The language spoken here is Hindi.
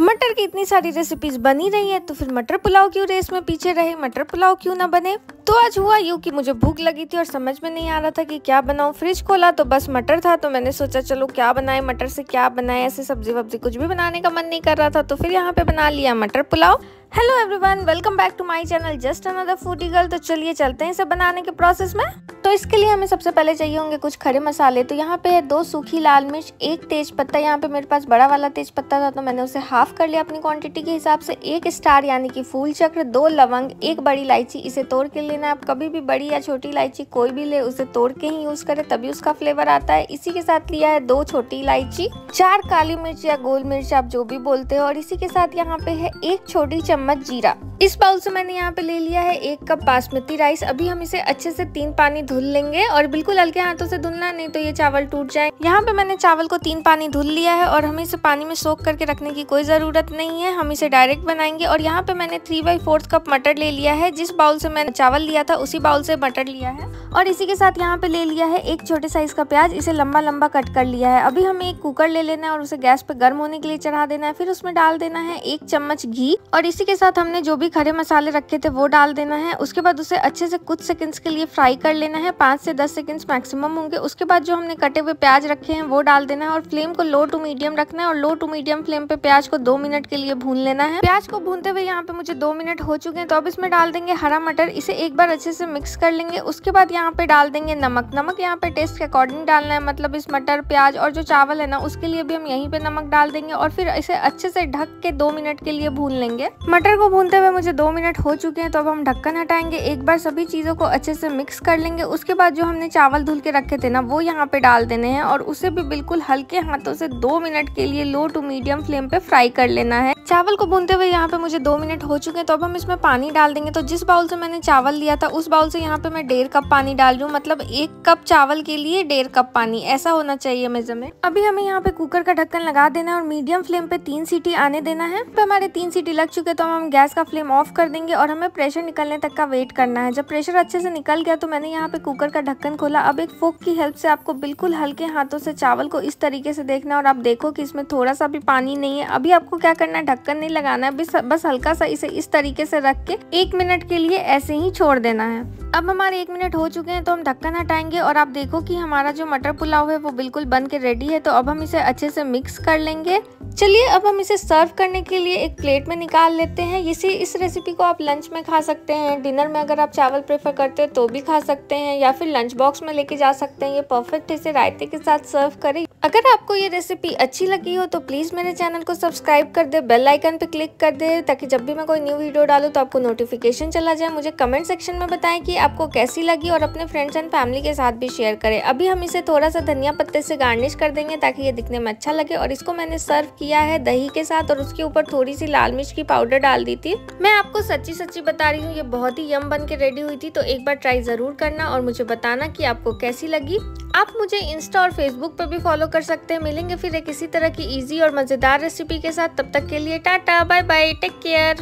मटर की इतनी सारी रेसिपीज बनी रही है तो फिर मटर पुलाव क्यों रेस में पीछे रहे मटर पुलाव क्यों ना बने तो आज हुआ यूँ कि मुझे भूख लगी थी और समझ में नहीं आ रहा था कि क्या बनाऊं फ्रिज खोला तो बस मटर था तो मैंने सोचा चलो क्या बनाए मटर से क्या बनाए ऐसे सब्जी वब्जी कुछ भी बनाने का मन नहीं कर रहा था तो फिर यहाँ पे बना लिया मटर pulao hello everyone welcome back to my channel just another foodie girl तो चलिए चलते हैं इसे बनाने के प्रोसेस में तो इसके लिए हमें सबसे पहले चाहिए होंगे कुछ खड़े मसाले तो यहाँ पे है दो सूखी लाल मिर्च एक तेज पत्ता यहाँ पे मेरे पास बड़ा वाला तेज पत्ता था तो मैंने उसे हाफ कर लिया अपनी क्वांटिटी के हिसाब से एक स्टार यानी कि फूल चक्र दो लवंग एक बड़ी इलायची इसे तोड़ के लेना आप कभी भी बड़ी या छोटी इलायची कोई भी ले उसे तोड़ के ही यूज करे तभी उसका फ्लेवर आता है इसी के साथ लिया है दो छोटी इलायची चार काली मिर्च या गोल मिर्च आप जो भी बोलते हो और इसी के साथ यहाँ पे है एक छोटी चम्मच जीरा इस बाउल से मैंने यहाँ पे ले लिया है एक कप बासमती राइस अभी हम इसे अच्छे से तीन पानी धुल लेंगे और बिल्कुल हल्के हाथों से धुलना नहीं तो ये चावल टूट जाए यहाँ पे मैंने चावल को तीन पानी धुल लिया है और हमें इसे पानी में सोख करके रखने की कोई ज़रूरत नहीं है हम इसे डायरेक्ट बनाएंगे और यहाँ पे मैंने थ्री बाई फोर्थ कप मटर ले लिया है जिस बाउल से मैंने चावल लिया था उसी बाउल से मटर लिया है और इसी के साथ यहाँ पे ले लिया है एक छोटे साइज का प्याज इसे लंबा लंबा कट कर लिया है अभी हमें एक कुकर ले लेना है और उसे गैस पे गर्म होने के लिए चढ़ा देना है फिर उसमें डाल देना है एक चम्मच घी और इसी के साथ हमने जो भी भी खड़े मसाले रखे थे वो डाल देना है उसके बाद उसे अच्छे से कुछ सेकंड्स के लिए फ्राई कर लेना है पाँच से दस सेकंड्स मैक्सिमम होंगे उसके बाद जो हमने कटे हुए प्याज रखे हैं वो डाल देना है और फ्लेम को लो टू मीडियम रखना है और लो टू मीडियम फ्लेम पे प्याज को दो मिनट के लिए भून लेना है प्याज को भूनते हुए यहाँ पे मुझे दो मिनट हो चुके हैं तो अब इसमें डाल देंगे हरा मटर इसे एक बार अच्छे से मिक्स कर लेंगे उसके बाद यहाँ पे डाल देंगे नमक नमक यहाँ पे टेस्ट के अकॉर्डिंग डालना है मतलब इस मटर प्याज और जो चावल है ना उसके लिए भी हम यहीं पे नमक डाल देंगे और फिर इसे अच्छे से ढक के दो मिनट के लिए भून लेंगे मटर को भूनते हुए मुझे दो मिनट हो चुके हैं तो अब हम ढक्कन हटाएंगे एक बार सभी चीज़ों को अच्छे से मिक्स कर लेंगे उसके बाद जो हमने चावल धुल के रखे थे ना वो यहाँ पे डाल देने हैं और उसे भी बिल्कुल हल्के हाथों से दो मिनट के लिए लो टू मीडियम फ्लेम पे फ्राई कर लेना है चावल को भूनते हुए यहाँ पे मुझे दो मिनट हो चुके हैं तो अब हम इसमें पानी डाल देंगे तो जिस बाउल से मैंने चावल लिया था उस बाउल से यहाँ पे मैं डेढ़ कप पानी डाल रही हूँ मतलब एक कप चावल के लिए डेढ़ कप पानी ऐसा होना चाहिए में अभी हमें यहाँ पे कुकर का ढक्कन लगा देना है और मीडियम फ्लेम पे तीन सीटी आने देना है तो हमारे तीन सीटी लग चुके तो हम गैस का फ्लेम ऑफ कर देंगे और हमें प्रेशर निकलने तक का वेट करना है जब प्रेशर अच्छे से निकल गया तो मैंने यहाँ पे कुकर का ढक्कन खोला अब एक फोक की हेल्प से आपको बिल्कुल हल्के हाथों से चावल को इस तरीके से देखना और आप देखो कि इसमें थोड़ा सा भी पानी नहीं है अभी आपको क्या करना है ढक्कन नहीं लगाना है बस हल्का सा इसे इस तरीके से रख के एक मिनट के लिए ऐसे ही छोड़ देना है अब हमारे एक मिनट हो चुके हैं तो हम ढक्कन हटाएंगे और आप देखो कि हमारा जो मटर पुलाव है वो बिल्कुल बन के रेडी है तो अब हम इसे अच्छे से मिक्स कर लेंगे चलिए अब हम इसे सर्व करने के लिए एक प्लेट में निकाल लेते हैं इसी इस रेसिपी को आप लंच में खा सकते हैं डिनर में अगर आप चावल प्रेफर करते हैं तो भी खा सकते हैं या फिर लंच बॉक्स में लेके जा सकते हैं ये परफेक्ट इसे रायते के साथ सर्व करें अगर आपको ये रेसिपी अच्छी लगी हो तो प्लीज़ मेरे चैनल को सब्सक्राइब कर दे बेल बेल आइकन पर क्लिक कर दे ताकि जब भी मैं कोई न्यू वीडियो डालूँ तो आपको नोटिफिकेशन चला जाए मुझे कमेंट सेक्शन में बताएं कि आपको कैसी लगी और अपने फ्रेंड्स एंड फैमिली के साथ भी शेयर करें अभी हम इसे थोड़ा सा धनिया पत्ते से गार्निश कर देंगे ताकि ये दिखने में अच्छा लगे और इसको मैंने सर्व किया है दही के साथ और उसके ऊपर थोड़ी सी लाल मिर्च की पाउडर डाल दी थी मैं आपको सच्ची सच्ची बता रही हूँ ये बहुत ही यम बन के रेडी हुई थी तो एक बार ट्राई ज़रूर करना और मुझे बताना की आपको कैसी लगी आप मुझे इंस्टा और फेसबुक पर भी फॉलो कर सकते हैं मिलेंगे फिर एक इसी तरह की इजी और मज़ेदार रेसिपी के साथ तब तक के लिए Ta ta! bye bye, take care.